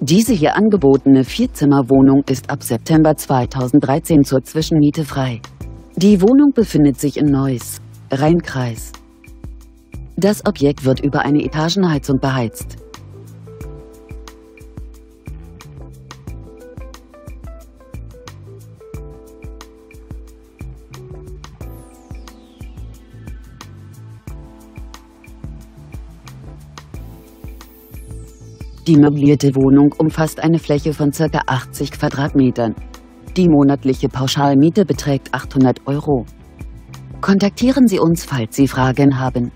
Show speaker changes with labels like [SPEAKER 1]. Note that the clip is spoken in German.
[SPEAKER 1] Diese hier angebotene Vierzimmerwohnung ist ab September 2013 zur Zwischenmiete frei. Die Wohnung befindet sich in Neuss, Rheinkreis. Das Objekt wird über eine Etagenheizung beheizt. Die möblierte Wohnung umfasst eine Fläche von ca. 80 Quadratmetern. Die monatliche Pauschalmiete beträgt 800 Euro. Kontaktieren Sie uns, falls Sie Fragen haben.